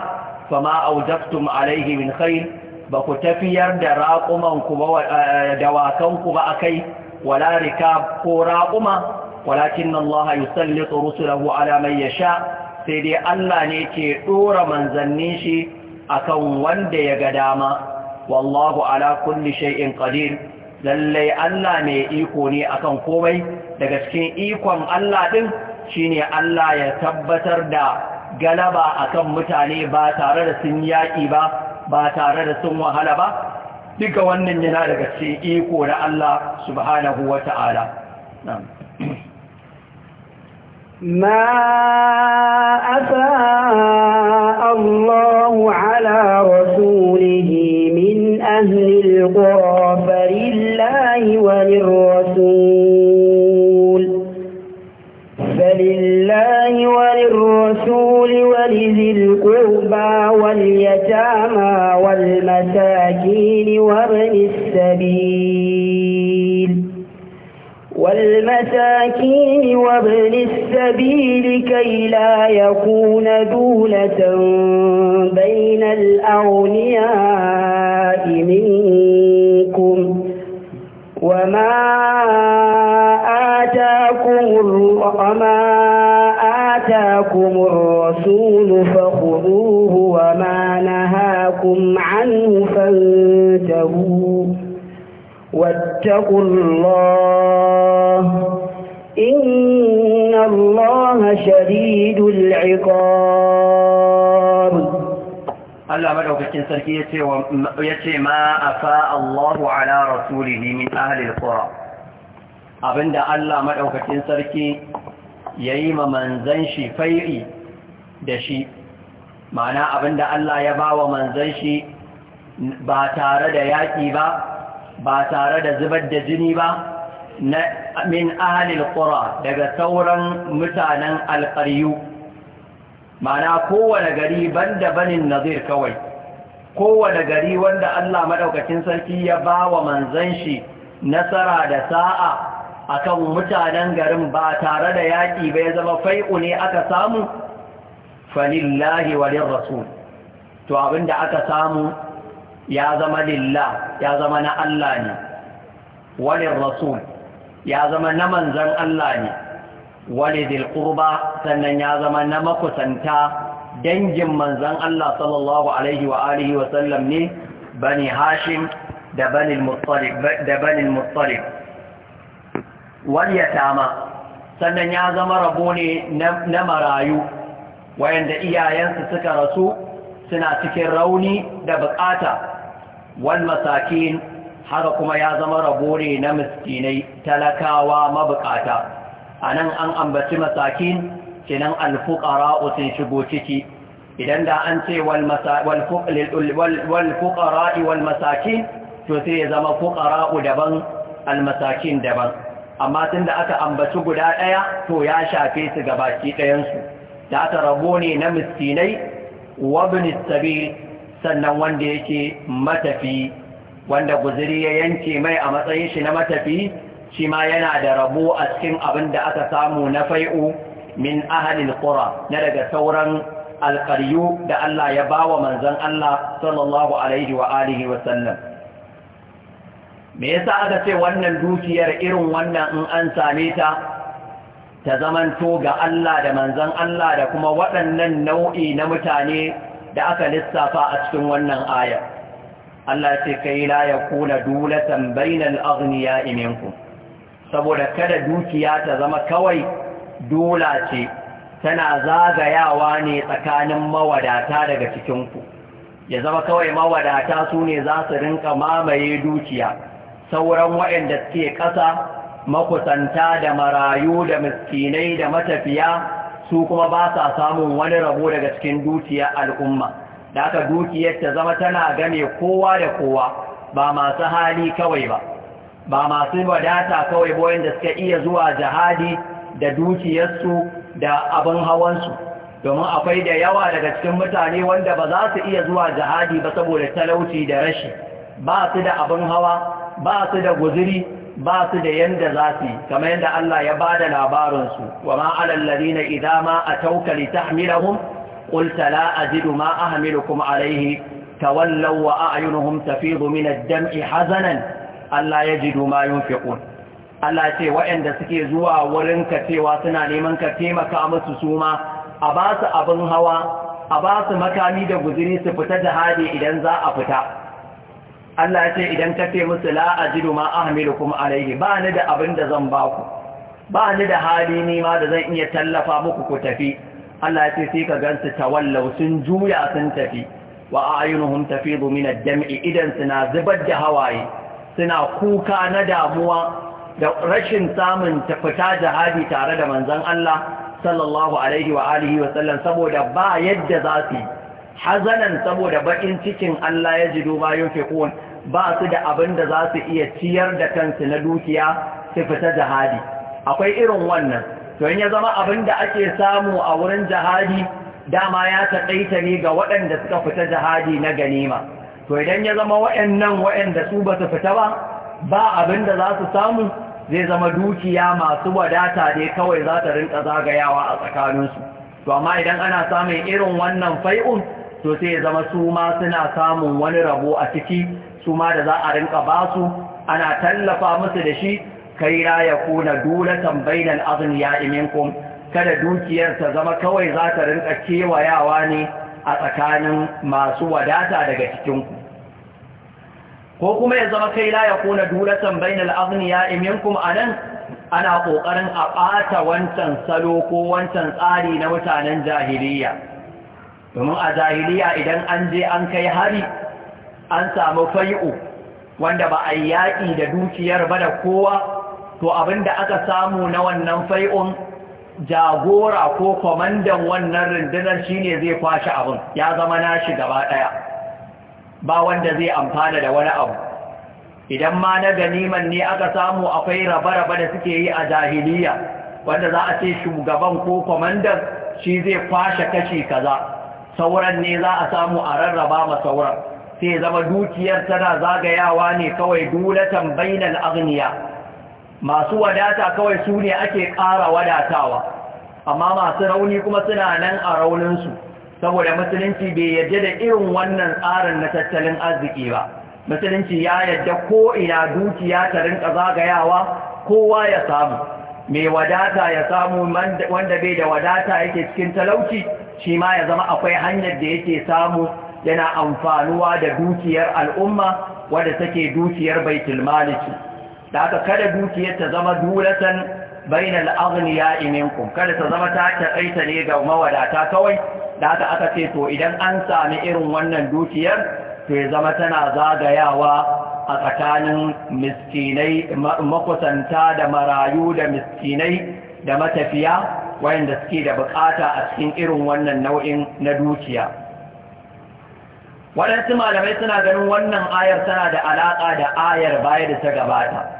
fama aujabtum alaihi min khair ba ku tafiyar da raƙuman ba eh, dawakan ku ba akai wala rikab ko raƙuma walakin Allah yusallitu rusulahu ala man yasha sai dai Allah ne ke ɗora manzannin shi akan wanda ya ga dama wallahu ala kulli shay'in qadir lallai Allah mai iko ne akan komai daga cikin ikon Allah ɗin shine Allah ya tabbatar da galaba akan mutane ba tare da sun yaƙi ba ba tare da sun wahala ba duka wannan yana daga cikin iko na Allah subhanahu wata'ala na'am ما أفاء الله على رسوله من أهل القرى فلله وللرسول فلله وللرسول ولذي القربى واليتامى والمساكين وابن السبيل والمساكين وابن السبيل كي لا يكون دولة بين الأغنياء منكم وما آتاكم وما آتاكم الرسول فخذوه وما نهاكم عنه فانتهوا واتقوا الله شديد العقاب Allah madaukakin sarki ya ce ma afa Allahu ala rasulihi min ahlil qura abinda Allah madaukakin sarki yayi ma manzan shi fai'i da shi ma'ana abinda Allah ya bawa manzan shi ba tare da yaki ba ba tare da zubar da jini ba na min ahalil ƙura daga sauran mutanen alqaryu mana kowane gari banda banin nazir kawai kowane gari wanda Allah maɗaukacin sarki ya bawa manzan shi nasara da sa'a akan mutanen garin ba tare da yaki ba ya zama fai'u ne aka samu falillahi walin rasul to abinda aka samu ya zama lillah ya zama na Allah ne walin rasul ya zama na manzan Allah ne walidil qurba sannan ya zama na makusanta dangin manzan Allah sallallahu alaihi wa'alihi wa sallam ne bani hashim da bani al wani ya tama, yatama sannan ya zama rabo ne na marayu wayanda iyayensu suka rasu suna cikin rauni da bukata wal masakin haka kuma ya zama rabo na miskinai talakawa mabukata anan an ambaci masakin kenan alfuqara sun shigo ciki idan da an ce wal fuqara wal masakin to sai ya zama fuqara daban al daban amma tunda aka ambaci guda daya to ya shafe su ga baki su da aka rabo ne na miskinai wa ibn sannan wanda yake matafi wanda guziri ya yanke mai a matsayin shi na matafi shi ma yana da rabo a cikin abin da aka samu na fai'u min ahalil Kura na daga sauran alƙaryu da Allah ya bawa manzon Allah sallallahu alaihi wa alihi wa me yasa aka ce wannan dukiyar irin wannan in an same ta ta zamanto ga Allah da manzon Allah da kuma waɗannan nau'i na mutane da aka lissafa a cikin wannan ayar Allah ce kai la ya kula dulatan bainal aghniya minkum saboda kada dukiya ta zama kawai dola ce tana zagayawa ne tsakanin mawadata daga cikinku ya zama kawai mawadata su ne za su rinka mamaye dukiya sauran waɗanda suke ƙasa makusanta da marayu da miskinai da matafiya su kuma ba sa samun wani rabo daga cikin dukiya al'umma da aka dukiyar ta zama tana game kowa da kowa ba masu hali kawai ba ba masu wadata kawai boyan da suka iya zuwa jihadi da dukiyarsu da abin hawansu domin akwai da yawa daga cikin mutane wanda ba za su iya zuwa jihadi ba saboda talauci da rashi ba su da abin hawa ba su da guziri ba su da yanda za su yi kamar yadda Allah ya ba da labarinsu wa ma'alar ladina idama a taukali tahmilahum قلت لا أجد ما أهملكم عليه تولوا وأعينهم تفيض من الدمع حزنا ألا يجدوا ما ينفقون Allah ce waɗanda suke zuwa wurinka cewa suna neman ka taimaka musu suma a ba abin hawa a ba makami da guziri su fita jihadi idan za a fita Allah ce idan ka ce musu la ajidu ma ahmilukum alayhi ba ni da abin da zan ba ku ba ni da hali ni ma da zan iya tallafa muku ku tafi Allah ya ce sai ka gansu tawallau sun juya sun tafi wa ayunuhum tafidu min ad-dam'i idan suna zubar da hawaye suna kuka na damuwa da rashin samun tafita jihadi tare da manzon Allah sallallahu alaihi wa alihi wa sallam saboda ba yadda za su hazanan saboda bakin cikin Allah ya jido bayan fiqun ba su da abin da za su iya ciyar da kansu na dukiya su fita jihadi akwai irin wannan to in ya zama abin da ake samu a wurin jihadi dama ya taƙaita ne ga waɗanda suka fita jihadi na ganima to idan ya zama waɗannan waɗanda su ba su fita ba ba abin da za su samu zai zama dukiya masu wadata ne kawai za ta rinka zagayawa a tsakaninsu to amma idan ana samun irin wannan fai'un to sai ya zama su ma suna samun wani rabo a ciki su ma da za a rinka basu ana tallafa musu da shi kai ya yakuna dulatan bainal aghniya'i minkum kada dukiyar ta zama kawai za ta rinka kewayawa ne a tsakanin masu wadata daga cikinku ko kuma ya zama kai la yakuna dulatan bainal aghniya'i minkum anan ana kokarin a bata wancan salo ko wancan tsari na mutanen jahiliya domin a jahiliya idan an je an kai hari an samu fai'u wanda ba a yaƙi da dukiyar ba da kowa to abin da aka samu na wannan fai'un jagora ko kwamandan wannan rundunar shine zai kwashi abin ya zama nashi gaba ɗaya ba wanda zai amfana da wani abu idan ma na ganiman ne aka samu akwai raba-raba da suke yi a jahiliya wanda za a ce shugaban ko kwamandan shi zai kwashe kashi kaza sauran ne za a samu a rarraba ma sauran sai zama dukiyar tana zagayawa ne kawai dulatan bainal agniya masu wadata kawai su ne ake ƙara wadatawa amma masu rauni kuma suna nan a rauninsu saboda musulunci bai yarda da irin wannan tsarin na tattalin arziki ba musulunci ya yarda ko ina dukiya ta rinka zagayawa kowa ya samu mai wadata ya samu wanda bai da wadata yake cikin talauci shi ma ya zama akwai hanyar da yake samu yana amfanuwa da dukiyar al'umma wadda take dukiyar baitulmaliki da aka kada dukiyar ta zama dulatan bainal aghniya minkum kada ta zama ta taƙaita ne ga mawadata kawai da aka ce to idan an sami irin wannan dukiyar to ya zama tana zagayawa a tsakanin miskinai makusanta da marayu da miskinai da matafiya wayanda suke da bukata a cikin irin wannan nau'in na dukiya waɗansu malamai suna ganin wannan ayar tana da alaƙa da ayar baya da ta gabata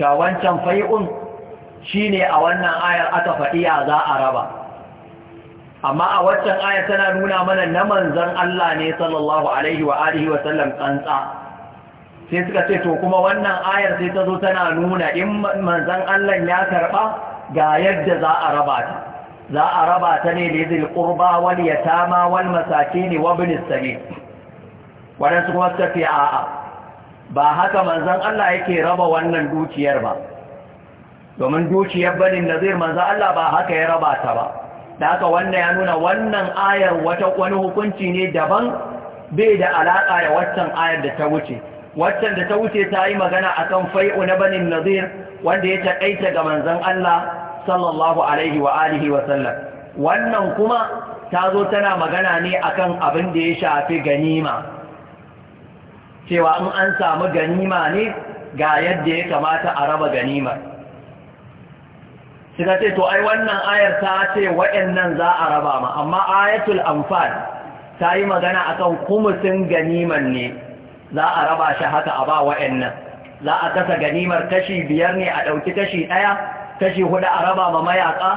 wancan fai'un shine a wannan ayar aka faɗi za a raba amma a waccan ayar tana nuna mana na manzan Allah ne sallallahu alaihi wa alihi wa sallam tsantsa sai suka ce to kuma wannan ayar sai ta zo tana nuna in manzan Allah ya karɓa ga yadda za a raba ta za a raba ta ne da zai ya wal yatama wal masakin wa ibn sabil Waɗansu kuma suka ce a'a ba haka manzan Allah yake raba wannan dukiyar ba domin dukiyar banin nazir manzan Allah ba haka ya raba ta ba da haka wannan ya nuna wannan ayar wata wani hukunci ne daban bai da alaƙa da waccan ayar da ta wuce waccan da ta wuce ta yi magana akan fai'u na banin nazir wanda ya taƙaita ga manzan Allah sallallahu alaihi wa alihi wa sallam wannan kuma ta zo tana magana ne akan abin da ya shafi ganima cewa in an samu ganima ne ga yadda ya kamata a raba ganimar suka ce to ai wannan ayar ta ce waɗannan za a raba ma amma ayatul amfani ta yi magana akan kumusin ganimar ne za a raba shi haka a ba waɗannan za a kasa ganimar kashi biyar ne a ɗauki kashi ɗaya kashi hudu a raba ma mayaƙa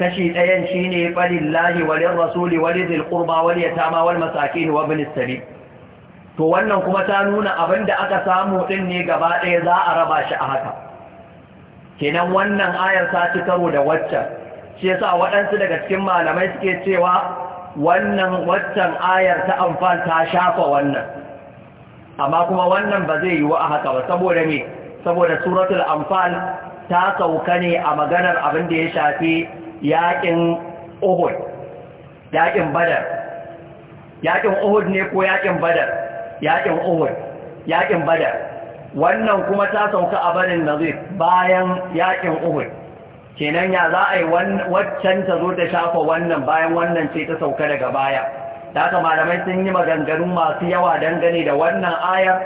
kashi ɗayan shi ne falillahi walin rasuli walin zilkurba wal yatama wal masakin wa bin sabi to wannan kuma ta nuna abin da aka samu ɗin ne gaba ɗaya za a raba shi a haka kenan wannan ayar ta ci karo da waccan shi yasa waɗansu daga cikin malamai suke cewa wannan waccan ayar ta amfan ta shafa wannan amma kuma wannan ba zai yiwu a haka ba saboda me saboda suratul amfal ta sauka ne a maganar abin da ya shafi yaƙin uhud yaƙin badar yaƙin uhud ne ko yaƙin badar yaƙin uhud yaƙin badar wannan kuma ta sauka a barin nazir bayan yaƙin uhud kenan ya za a yi waccan ta zo ta shafa wannan bayan wannan ce ta sauka daga baya ta haka malamai sun yi maganganu masu yawa dangane da wannan ayar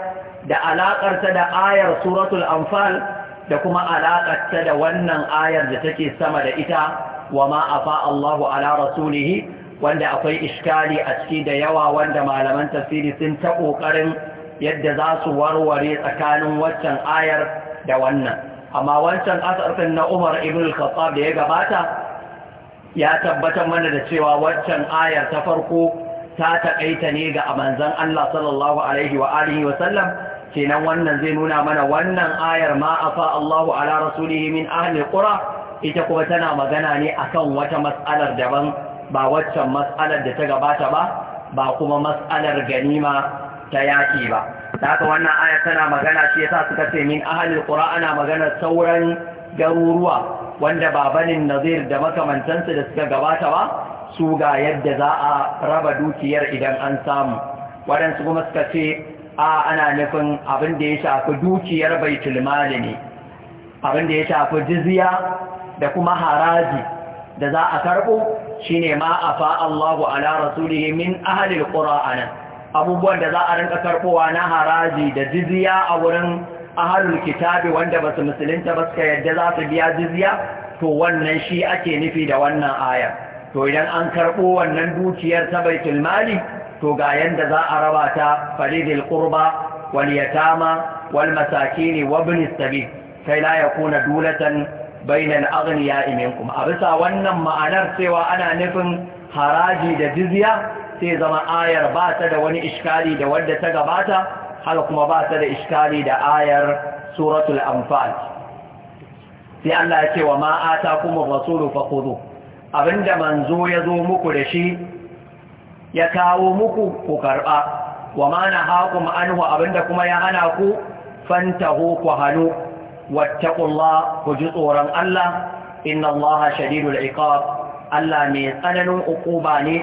da alaƙarta da ayar suratul anfal da kuma alaƙarta da wannan ayar da take sama da ita wa ma'afa Allahu ala rasulihi wanda akwai iskali a ciki da yawa wanda malaman tafsiri sun ta ƙoƙarin yadda za su warware tsakanin waccan ayar da wannan amma wancan asarfin na umar ibn al-khattab da ya gabata ya tabbatar mana da cewa waccan ayar ta farko ta taƙaita ne ga manzon Allah sallallahu alaihi wa alihi wa sallam kenan wannan zai nuna mana wannan ayar ma afa Allahu ala rasulihi min ahli qura ita kuma tana magana ne akan wata mas'alar daban ba waccan mas'alar da ta gabata ba ba kuma mas'alar ganima ta yaƙi ba da haka wannan aya tana magana shi yasa suka ce min ahalil qura magana sauran garuruwa wanda babanin nazir da makamantansu da suka gabata ba su ga yadda za a raba dukiyar idan an samu waɗansu kuma suka ce a ana nufin abin da ya shafi dukiyar baitul mali ne abin da ya shafi jiziya da kuma haraji da za a karɓo shine ma afa Allahu ala rasulihi min ahli alqur'ana abubuwan da za a rinka karkowa na haraji da jizya a wurin ahlul kitabi wanda basu musulunta ba suka yadda za su biya jizya to wannan shi ake nufi da wannan aya to idan an karbo wannan dukiyar ta baitul mali to ga yanda za a raba ta faridil qurba wal yatama wal masakin wa ibn sabil kai la yakuna dulatan bainan aghniya minkum a bisa wannan ma'anar cewa ana nufin haraji da jizya sai zama ayar ba ta da wani iskali da wanda ta gabata har kuma ba ta da iskali da ayar suratul anfal sai Allah ya ce wa ma atakumur rasulu fakhudhu abinda manzo ya zo muku da shi ya kawo muku ku karba wa ma nahakum anhu abinda kuma ya hana ku fantahu ku halu واتقوا الله وجطورا الله إن الله Allah mai tsananin ميقنن أقوباني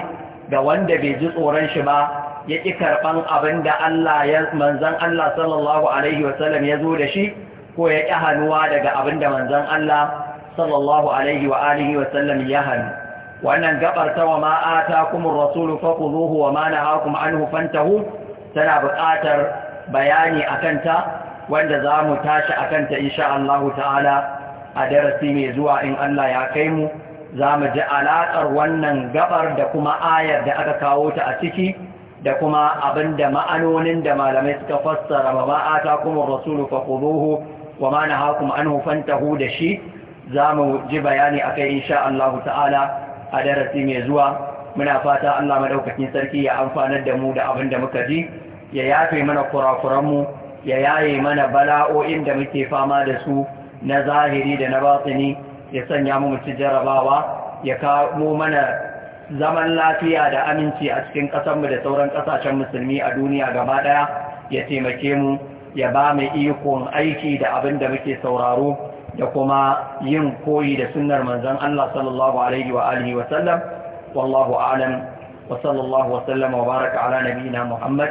da wanda bai ji tsoron shi ba ya ƙi karɓan abin da Allah manzan Allah sallallahu Alaihi wasallam ya zo da shi ko yaƙi ƙi hannuwa daga abin da manzan Allah sallallahu Alaihi wa alihi ya hannu. Wannan gaɓar ta wa ma'ata kuma rasulu fa ku zuhu wa ma na haku ma'an hu tana buƙatar bayani a kanta wanda za mu tashi a kanta insha'allahu Allahu ta'ala a darasi mai zuwa in Allah ya kai mu za mu ji alaƙar wannan gabar da kuma ayar da aka kawo ta a ciki da kuma abin da ma'anonin da malamai suka fassara ba ta kuma rasulu fa kuduhu wa ma na hakum an hufantahu da shi za mu ji bayani a kai insha ta'ala a darasi mai zuwa muna fata Allah madaukakin sarki ya amfanar da mu da abin da muka ji ya yafe mana kurakuranmu ya yaye mana bala'o'in da muke fama da su na zahiri da na batini ya sanya mu mutu jarabawa ya kawo mana zaman lafiya da aminci a cikin ƙasarmu da sauran ƙasashen musulmi a duniya gaba ɗaya ya taimake mu ya ba mu ikon aiki da abin da muke sauraro da kuma yin koyi da sunnar manzon Allah sallallahu alaihi wa alihi wa sallam wallahu a'lam wa sallallahu wa wa baraka ala nabiyina Muhammad